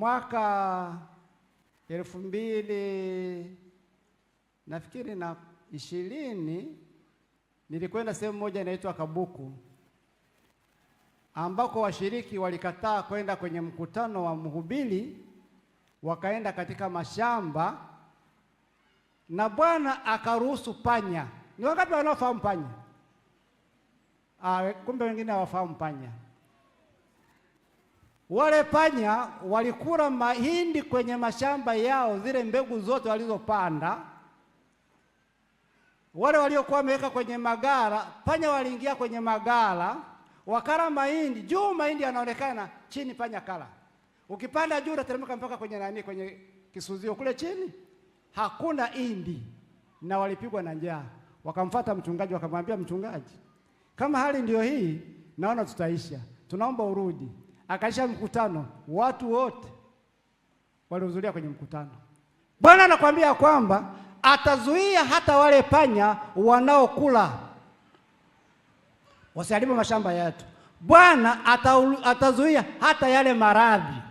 mwaka elfu mbili nafikiri na ishirini nilikwenda sehemu moja inaitwa Kabuku ambako washiriki walikataa kwenda kwenye mkutano wa mhubiri, wakaenda katika mashamba na Bwana akaruhusu panya. Ni wangapi wanaofahamu panya? Ah, kumbe wengine hawafahamu panya. Wale panya walikula mahindi kwenye mashamba yao, zile mbegu zote walizopanda. Wale waliokuwa wameweka kwenye magala, panya waliingia kwenye magala wakala mahindi. Juu mahindi yanaonekana, chini panya kala. Ukipanda juu unateremka mpaka kwenye nani, kwenye kisuzio kule chini hakuna indi, na walipigwa na njaa. Wakamfuata mchungaji, wakamwambia mchungaji, kama hali ndiyo hii, naona tutaisha, tunaomba urudi akaisha mkutano, watu wote walihudhuria kwenye mkutano. Bwana anakuambia kwamba atazuia hata wale panya wanaokula wasiharibu mashamba yetu. Bwana atazuia hata yale maradhi